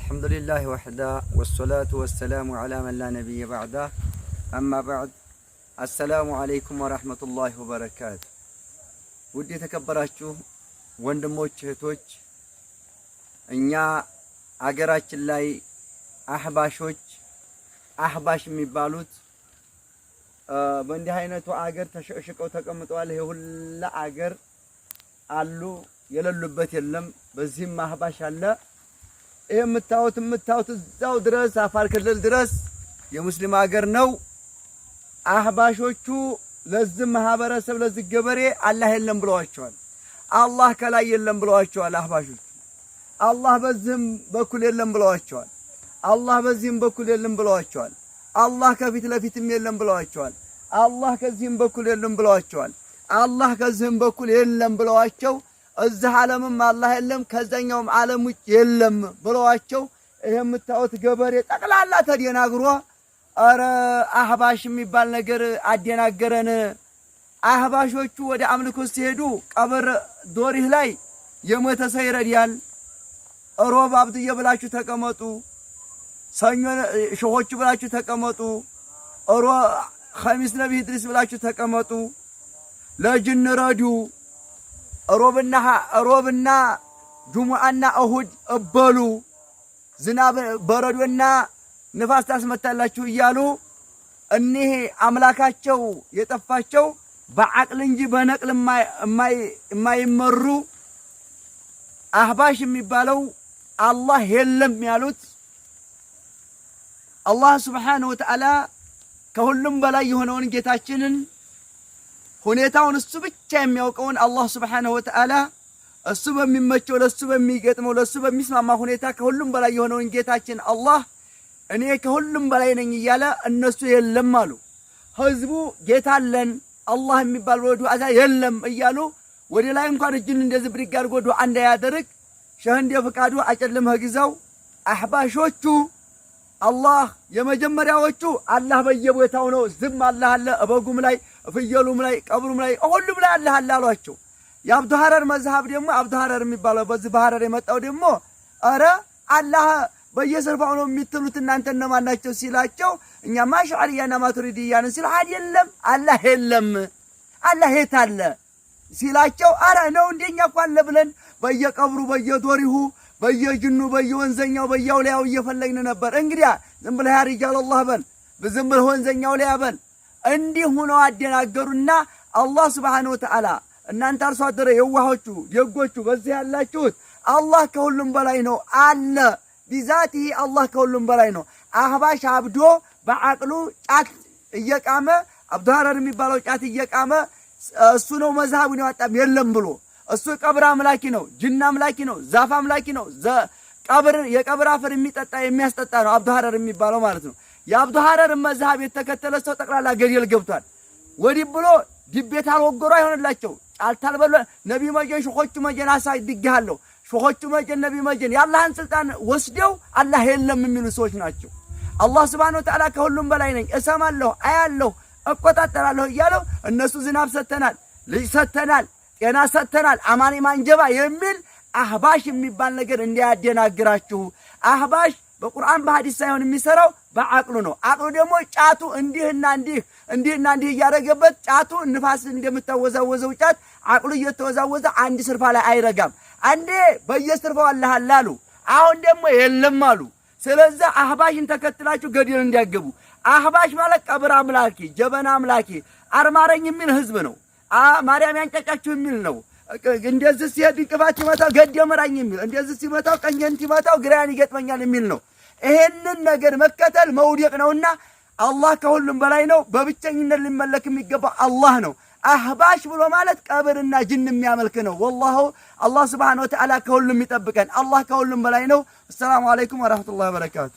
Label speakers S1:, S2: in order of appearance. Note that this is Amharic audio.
S1: الحمد لله وحده والصلاة والسلام على من لا نبي بعده أما بعد አሰላሙ አለይኩም ወራህመቱላሂ ወበረካቱ። ውድ የተከበራችሁ ወንድሞች እህቶች፣ እኛ አገራችን ላይ አህባሾች አህባሽ የሚባሉት በእንዲህ አይነቱ አገር ተሸቅሽቀው ተቀምጠዋል። ይሄ ሁላ አገር አሉ የሌሉበት የለም። በዚህም አህባሽ አለ የምታዩት የምታዩት እዛው ድረስ አፋር ክልል ድረስ የሙስሊም ሀገር ነው። አህባሾቹ ለዚህ ማህበረሰብ ለዚህ ገበሬ አላህ የለም ብለዋቸዋል። አላህ ከላይ የለም ብለዋቸዋል። አህባሾቹ አላህ በዚህም በኩል የለም ብለዋቸዋል። አላህ በዚህም በኩል የለም ብለዋቸዋል። አላህ ከፊት ለፊትም የለም ብለዋቸዋል። አላህ ከዚህም በኩል የለም ብለዋቸዋል። አላህ ከዚህም በኩል የለም ብለዋቸው እዚህ ዓለምም አላህ የለም ከዛኛውም ዓለም ውጭ የለም ብለዋቸው ይሄ የምታዩት ገበሬ ጠቅላላ ተደናግሮ አረ አህባሽ የሚባል ነገር አደናገረን። አህባሾቹ ወደ አምልኮ ሲሄዱ ቀብር ዶሪህ ላይ የሞተ ሰው ይረዳል። ሮብ አብድዬ ብላችሁ ተቀመጡ፣ ሰኞ ሸሆቹ ብላችሁ ተቀመጡ፣ ሮ ኸሚስ ነቢይ ኢድሪስ ብላችሁ ተቀመጡ፣ ለጅን ረዱ ሮብና ሮብና ጁሙአና እሁድ እበሉ ዝናብ በረዶና ንፋስ ታስመታላችሁ እያሉ እኒህ አምላካቸው የጠፋቸው በአቅል እንጂ በነቅል የማይመሩ አህባሽ የሚባለው አላህ የለም ያሉት አላህ ስብሓነሁ ወተዓላ ከሁሉም በላይ የሆነውን ጌታችንን ሁኔታውን እሱ ብቻ የሚያውቀውን አላህ ሱብሓነሁ ወተዓላ እሱ በሚመቸው ለእሱ በሚገጥመው ለእሱ በሚስማማ ሁኔታ ከሁሉም በላይ የሆነውን ጌታችን አላህ እኔ ከሁሉም በላይ ነኝ እያለ እነሱ የለም አሉ። ህዝቡ ጌታ አለን አላህ የሚባል ዱዓዛ የለም እያሉ ወደ ላይ እንኳን እጅን እንደዚህ ብድግ አድርጎ ዱዓ እንዳያደርግ ሸህ እንደ ፈቃዱ አጨልመህ ግዛው አሕባሾቹ አላህ የመጀመሪያዎቹ አላህ በየቦታው ነው። ዝም አላህ አለ። እበጉም ላይ ፍየሉም ላይ ቀብሩም ላይ ሁሉም ላይ አላህ አለ አሏቸው። የአብዱ ሀረር መዝሀብ ደግሞ አብዱ ሀረር የሚባለው በዚህ በሀረር የመጣው ደግሞ ኧረ አላህ በየሰርፋው ነው የሚትሉት እናንተ እነማን ናቸው ሲላቸው እኛ ሻዕርያና ማቱሪድያንን ሲል አይደለም አላህ የለም አላህ የት አለ ሲላቸው አረ ነው እንደኛ እኮ አለ ብለን በየቀብሩ በየዶሪሁ በየጅኑ በየወንዘኛው በያው በየአውሊያው እየፈለግን ነበር። እንግዲያ ዝም ብለህ ያርጃል አላህ በል፣ ዝም ብለህ ወንዘኛው ላይ በል። እንዲህ ሆነው አደናገሩና አላህ ሱብሓነሁ ወተዓላ እናንተ አርሶ አደረ የዋሆቹ ደጎቹ በዚህ ያላችሁት አላህ ከሁሉም በላይ ነው አለ። ቢዛቲሂ አላህ ከሁሉም በላይ ነው። አህባሽ አብዶ በአቅሉ ጫት እየቃመ አብዱሃረር የሚባለው ጫት እየቃመ እሱ ነው መዝሃቡን ያወጣም የለም ብሎ እሱ ቀብር አምላኪ ነው፣ ጅና አምላኪ ነው፣ ዛፍ አምላኪ ነው። ቀብር የቀብር አፈር የሚጠጣ የሚያስጠጣ ነው። አብዱ ሀረር የሚባለው ማለት ነው። የአብዱ ሀረር መዝሃብ የተከተለ ሰው ጠቅላላ ገደል ገብቷል። ወዲህ ብሎ ድቤት አልወገሩ አይሆንላቸው ጫልታል በሎ ነቢ መጀን ሾኾቹ መጀን አሳድጌሃለሁ ሾኾቹ መጀን ነቢ መጀን የአላህን ስልጣን ወስደው አላህ የለም የሚሉ ሰዎች ናቸው። አላህ ስብሓነሁ ወተዓላ ከሁሉም በላይ ነኝ እሰማለሁ፣ አያለሁ፣ እቆጣጠራለሁ እያለው እነሱ ዝናብ ሰተናል፣ ልጅ ሰተናል ጤና ሰጥተናል፣ አማኔ ማንጀባ የሚል አህባሽ የሚባል ነገር እንዳያደናግራችሁ። አህባሽ በቁርአን በሐዲስ ሳይሆን የሚሰራው በአቅሉ ነው። አቅሉ ደግሞ ጫቱ እንዲህና እንዲህ እንዲህና እንዲህ እያደረገበት ጫቱ ንፋስ እንደምታወዛወዘው ጫት አቅሉ እየተወዛወዘ አንድ ስርፋ ላይ አይረጋም። አንዴ በየስርፋው አለሃል አሉ፣ አሁን ደግሞ የለም አሉ። ስለዚህ አህባሽን ተከትላችሁ ገድል እንዲያገቡ። አህባሽ ማለት ቀብር አምላኪ፣ ጀበና አምላኪ፣ አርማረኝ የሚል ህዝብ ነው። ማርያም ያንጫጫችሁ የሚል ነው። እንደዚህ ሲሄድ እንቅፋት ይመታው ገድ የመራኝ የሚል እንደዚህ ሲመታው ቀኘንት ይመታው ግራያን ይገጥመኛል የሚል ነው። ይሄንን ነገር መከተል መውደቅ ነውና አላህ ከሁሉም በላይ ነው። በብቸኝነት ሊመለክ የሚገባው አላህ ነው። አህባሽ ብሎ ማለት ቀብርና ጅን የሚያመልክ ነው። ወላሁ አላህ ስብሓነሁ ወተዓላ ከሁሉም ይጠብቀን። አላህ ከሁሉም በላይ ነው። አሰላሙ አለይኩም ወረሕመቱላሂ ወበረካቱ